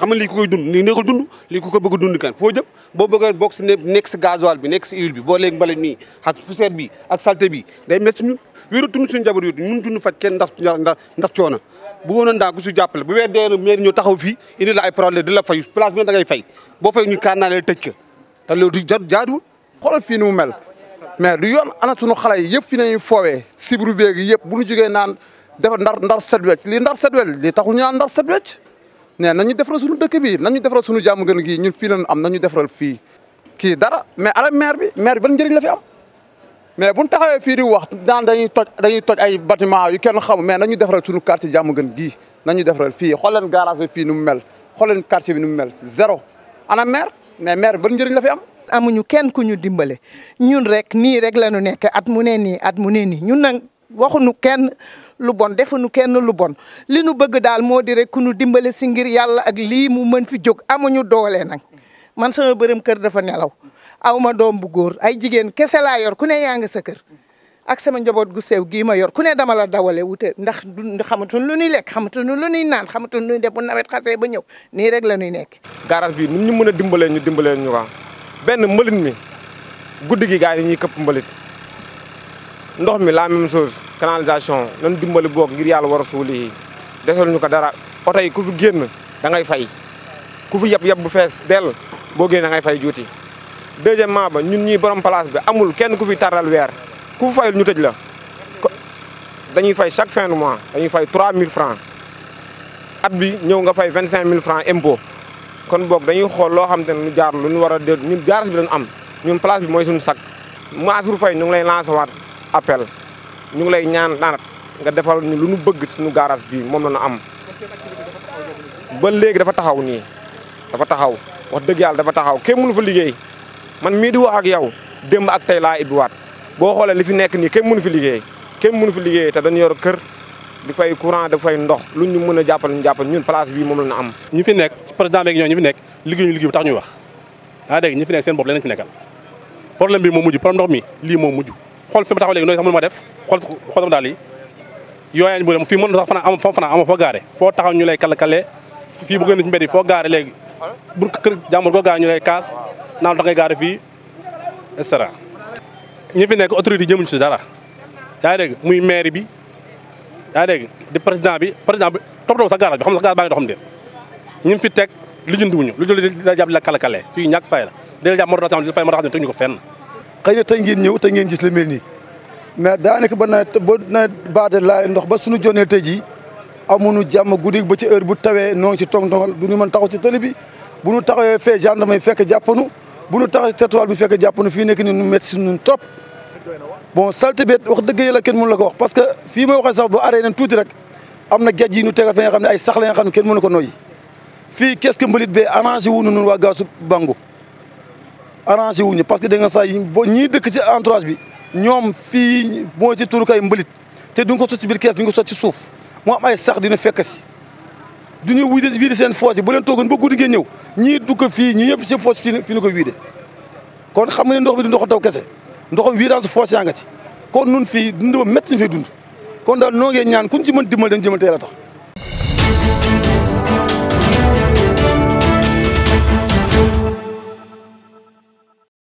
xam nga lii ku koy dund nii neexul dund lii ku ko bëgg dund kan foo jëm boo bëggee bokk si nekk si gasoil bi nekk si huile bi boo léegi mbale nii ak poussière bi ak salté bi day métti ñun wéeratuñu suñu jabar yooyu ñun dund faj kenn ndax ndax ndax coono jàppale bu weer dee na maire ñëw taxaw fii indi la ay problème la fayu da ngay fay boo fay ñu kaanaalee tëj ka te loolu du jaaduwul xoolal fii ni mu mel mais du yoon ana suñu xale yi yëpp fi nañu foowee sibru beegi yëpp bu ñu jógee naan dafa ndar ndar set lii ndar set wecc lii taxul ñu naan ndar set ne nañu defaral suñu dëkk bi nañu defaral suñu jàmm gën gi ñun fii lañu am nañu defaral fii kii dara mais ara maire bi maire bi ban njëriñ la fi am mais buñ taxawee fii di wax daan dañuy toj dañuy toj ay bâtiment yu kenn xamu mais nañu defaral suñu quartier jàmm gën gii nañu defaral fii xool leen garage fii nu mu mel xool leen quartier bi nu mu mel zéro ana maire mais maire bi ban njëriñ la fi am amuñu kenn ku ñu dimbale ñun rek nii rek la ñu nekk at mu ne nii at mu ne nii ñun nag waxuñu kenn lu bon nu kenn lu bon li nu bëgg daal moo di rek ku nu dimbale si ngir yàlla ak lii mu mën fi jóg amuñu doole nag man sama bërëm kër dafa nelaw aw ma doom bu góor ay jigéen kese laa yor ku ne yaa ngi sa kër ak sama njaboot gu sew gii ma yor ku ne dama la dawale wute ndax du xamatuñ lu ñuy lekk xamatuñ lu ñuy naan xamatuñ lu ñuy bu nawet xasee ba ñëw nii rek la ñuy nekk. garage bi ni ñu mën a dimbalee ñu dimbalee ñu ko benn mbalit mi guddi gi gars yi ñuy këpp mbalit. ndox mi la même chose canalisation nan dimbali boog ngir yàlla war a suuli yi desal ñu ko dara oto ku fi génn da ngay fay ku fi yab yab bu fees dell boo génn da ngay fay juuti deuxièmement ba ñun ñuy borom place bi amul kenn ku fi tardal weer ku fi fayul ñu tëj la dañuy fay chaque fin de mois dañuy fay mille francs at bi ñëw nga fay 25000 francs impôt kon boog dañuy xool loo xam te ne jaar lu ñu war a dé ñun garas bi dañu am ñun place bi mooy suñu sac Mansour Faye ñu ngi lay lancer waat appel ñu ngi lay ñaan daan nga defal ñu lu ñu bëgg suñu garage bi mom la ñu am ba légui dafa taxaw ni dafa taxaw wax deug yalla dafa taxaw kenn mënu fa liggéey man mi di wax ak yow demb ak tay la ibi wat bo xolé li fi nekk ni kenn mënu fi liggéey kenn mënu fi liggéey ta dañ yor kër di fay courant da fay ndox lu ñu mëna jappal ñu jappal ñun place bi mom la ñu am ñi fi nekk ci président beeg ñoo ñi fi nekk liggéey ñu liggéey tax ñuy wax da dégg ñi fi nekk seen bop leneen fi nekkal problème bi mo muju problème ndox mi li mo muju xool fi ma taxaw léegi nooy sax mënu ma def xool xool sama daal yi yooyaan bu dem fii mën na sax fanaa am fa fanaa foo taxaw ñu lay kalkale fii bu gën a ci foo gaare léegi bu kër jàmbur ñu lay kaas naan da ngay gaare fii et cetera ñi nekk autorité yi jëmuñu si dara yaa ngi dégg muy bi yaa ngi dégg di président bi président bi toppatoo sax garage bi xam nga sax garage baa ngi doxam déet ñi fi teg lijjanti wuñu lu dul da jàpp la kalkale suy ñàkk fay la dina jàpp moo tax di moo tax ñu teg ñu ko fen xëy na tey ngeen ñëw tey ngeen gis lu mel nii mais daanaka ba nawet ba nawet baade laale ndox ba suñu jonee tey jii amuñu jàmm guddi ba ci heure bu tawee noo ngi si tong-tongal du ñu mën taxaw ci tëli bi bu ñu taxawee fee gendarme yi fekk jàppanu bu ñu taxaw ci trottoir bi fekk jàppanu fii nekk ni nu métti si ñun trop bon salte bi wax dëgg yàlla kenn mënu la ko wax parce que fii may waxee sax bu aree nañ tuuti rek am na géej yi ñu tegal fa xam ne ay sax la nga xam ne kenn mënu ko noy fii qu'est-ce que mbalit bee arrangé wuñu ñun waa Gaasu Bango arrangé wuñu parce que da nga saa yi boo ñii dëkk ci entourage bi ñoom fii mooy ci turukaay mbalit te duñ ko sotti ci biir kees duñ ko sotti ci suuf moo maay sax dina fekk si duñu wiide wiide seen foos bu leen toogoon ba guddi ngeen ñëw ñii dugg fii ñii yëpp seen foos fii fi ñu koy kon xam nga ne ndox bi du ndox taw kese ndoxam wiiraan su foos yaa nga ci kon nun fii dund métti ñu fay dund kon daal noo ngee ñaan kuñ ci mën dimbal dañ jëmal teel a tax